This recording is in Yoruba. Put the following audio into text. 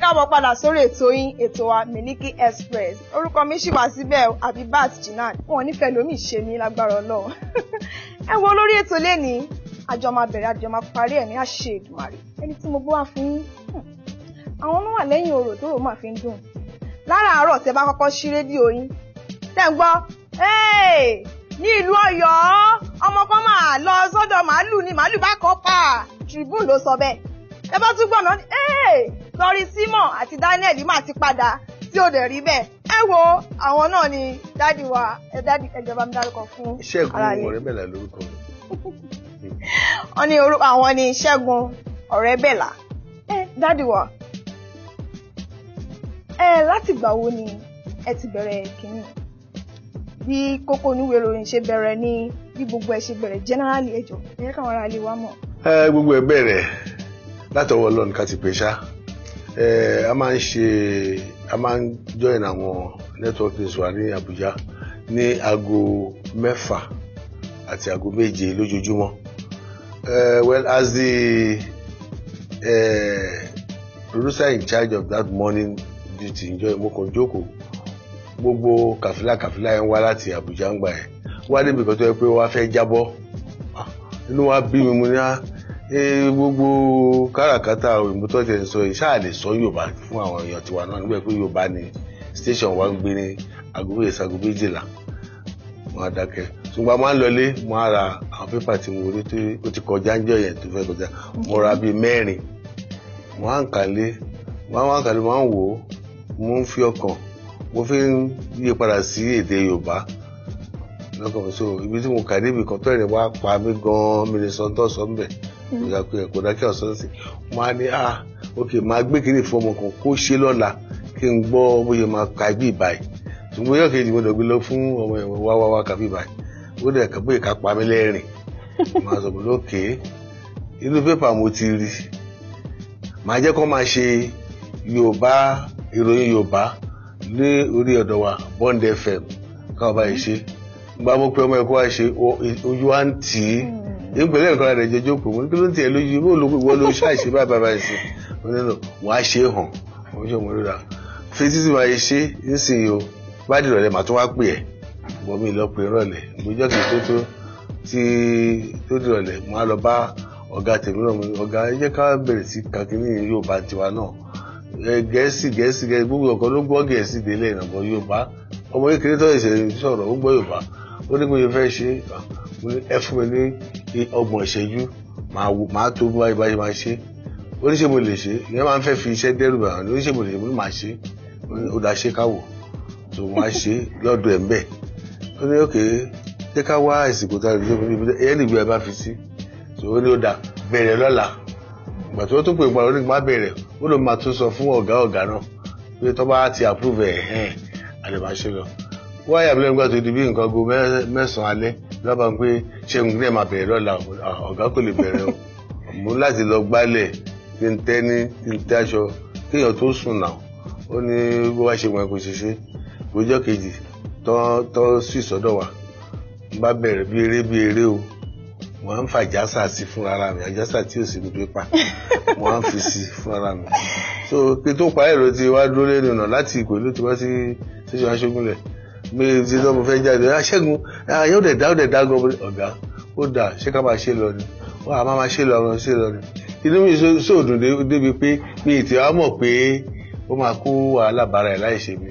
káàbọ̀ padà sórí ètò yín ètò wa Miliki Express orúkọ mi ṣì wá síbẹ̀ Abibat Jinan wọn nífẹ̀ẹ́ lómi ṣe mí lágbára Ọlọ́run ẹ wo lórí ètò lẹ́ni àjọ máa bẹ̀rẹ̀ parí ẹ̀ ní àṣẹ Èdùmàrè ẹni tí mo gbọ́ fún yín hmm, àwọn ọmọ wà lẹ́yìn orò tó rò máa fi ń dùn láràárọ̀ tẹ bá kọ́kọ́ ṣí rédíò yín tẹ̀ ń gbọ́ ní ìlú Ọ̀yọ́ ọmọ kan máa lọ sọ́dọ̀ màálù ni màálù bá kọ́ pa Tribune ló sọ bẹ́ẹ̀ ẹ bá tún gbọ́ náà lórí Simon àti Daniel mà ti padà tí ò dẹ̀ rí bẹ́ẹ̀ ẹ wo àwọn náà ni dáàdì wa ẹ dáàdì ẹjọba mi dárúkọ fún ara yìí. Ṣẹ́gun Ọ̀rẹ́bẹ̀là lórúkọ mi. wọ́n ní orúkọ àwọn ni Ṣẹ́gun Ọ̀rẹ́bẹ̀là ẹ dáàdì wa ẹ láti gbà wo ni ẹ ti bẹ̀rẹ̀ kìíní bí kókó oníwèé ìròyìn ṣe bẹ̀rẹ̀ ní bí gbogbo ẹ ṣe bẹ̀rẹ̀ generally ẹjọ́ ẹ̀yẹ́ káwọn ará ilé wa mọ̀. ẹ gbogbo ẹ bẹ̀rẹ̀ látọwọ́ Ọlọ́run ká ti pè ṣá eh, a máa ń ṣe a máa ń join àwọn network days wa ní Abuja ní aago mẹ́fà àti aago méje lójoojúmọ́ eh, well as the uh, producer in charge of that morning duty ǹjọ́ ìmọ̀kàn jókòó gbogbo kàfílà kàfílà yẹn wá láti Abuja ń gbà yẹn wá débi kan tó yẹ pé wọ́n á fẹ́ jábọ́ ah, inú wa bí mi mo ní á. Ah, gbogbo káràkátà ìmútọ́jẹ́ sọ yìí ṣáà lè sọ Yorùbá fún àwọn èèyàn tiwa náà nígbà pé Yorùbá ni station wa ń gbé ní agogo ìsago méjìlá wọn á dákẹ́ ṣùgbọ́n máa ń lọlé mo á ra àwọn pépà tí mo rí tí ó ti kọjá ń jẹ́ ọ̀yẹ̀ tó fẹ́ kọjá mo ra bíi mẹ́rin mo á ń kàlé mo á ń kàlé mo á ń wò ó mo ń fi ọkàn mo fi ń yí padà sí èdè Yorùbá lọ́kàn so ibi tí mo kà débi kan tó ẹ̀rẹ̀ wá pa mí gan mi lè sọ tó sọ mm. pé ẹ̀kọ́ dákẹ́ ọ̀sán sí mo á ní ah ok máa gbé kiri fún ọmọ kan kó ṣe lọ́la kí n gbọ́ bóyá máa ka ibi ìbàyìí ṣùgbọ́n yóò kejì mo dọ̀gbé lọ fún ọmọ ẹ̀wọ̀n wá wá wá kàbí ìbàyìí ó dẹ̀ kà bóyá pa mí lẹ́rìn máa sọ̀rọ̀ lókè inú pépà mo ti rí màá jẹ́ kó máa ṣe Yorùbá ìròyìn Yorùbá ní orí ọ̀dọ̀ wa Bond FM káwọn báyìí ṣe gbàmú pé ọmọ ẹ̀kọ́ àṣe ojú wa ń tì í ìpínlẹ̀ hmm. ẹ̀kọ́ rẹ̀ jẹjọ́ pé mo ní kí ló ń tiẹ̀ lójú bó ló wọ́n ló ṣàṣe bá bàbá ẹ̀ sí mo nílò wọ́n á ṣe é hàn wọ́n ṣe mo lóra fetí tí màá ṣe nísìnyí o bá dìrọ̀lẹ́ màá tún wá pè ẹ́ bọ́ mi lọ pè rọ̀lẹ́ ìgbẹ́jọ́ kì tó tó tí tó dìrọ̀lẹ́ màá lọ bá ọ̀gá tèmi náà ọ̀gá ẹ jẹ́ ká bẹ̀rẹ̀ sí kankini Yorùbá tiwa náà gẹ̀ẹ́sì gẹ̀ẹ́sì gẹ̀ẹ́sì gbogbo ọ̀kan ló gbọ́ gẹ̀ẹ́sì délé ìrànbọ̀ Yorùbá ọmọ kékeré tó ìṣẹ̀lẹ̀ sọ̀rọ̀ ó gbọ́ Yorùbá ó ní bóyá fẹ́ ṣe ẹ fún mi ní ọgbọ̀n ìṣẹ́jú màá tó báyìí báyìí máa ṣe ó ní ṣe mo lè ṣe ìyẹn máa ń fẹ́ fi iṣẹ́ dẹ́rù bàrà ní ó ní ṣe mo lè ṣe mo ní màá ṣe ó dá ṣe káwọ̀ tó máa ṣe lọ́dọ̀ ẹ̀ ń bẹ̀ ó ní òkè ṣé ká wá ìsìnkú tá a lè ṣe ẹ̀yẹ́ nìgbé ẹ bá fi sí tó ó ní ó dà bẹ̀rẹ̀ lọ́la ìgbà tí wọ́n tó pè é pàrọ̀ nígbà bẹ̀rẹ̀ ó ló wáyà mi lẹ́nu gbà tó di bí nǹkan go mẹ́sàn-án alẹ́ lọ́ba ń pé ṣẹ́gun díẹ̀ máa bẹ̀rẹ̀ lọ́la ọ̀gá kò lè bẹ̀rẹ̀ o mo láti lọ gbálẹ̀ tí ń tẹ́ ní tí tẹ́ aṣọ kéèyàn tó sùn náà ó ní bó wá ṣe wọn kò ṣe ṣe lọ́jọ́ kejì tọ́ sí sọ́dọ̀ wa n bá bẹ̀rẹ̀ bí eré bí eré o wọ́n á ń fa àjásà sí fúnra ara mi àjásà tí ò sí ní pépà wọ́n á ń fi sí fúnra ara mi so kí tó pa ẹ̀rọ ti wá dúró lẹ́nu ọ̀nà láti ìkòló tí wọ́n ti tẹ̀sán aṣógúnlẹ̀ mi ti sọ mo fẹ́ jáde ọ̀yà ah, ṣẹ́gun ah, yóò dẹ̀ dá yóò dẹ̀ dá gan ọ̀gá ó dà ṣé ká máa ṣe lọ ni wọ́n á máa ṣe lọ àwọn ṣe lọ ni inú mi sóòdùn débi pé mi ì tí wàá mọ̀ pé ó máa kó wàhálà bára ẹ̀ láì ṣe mi.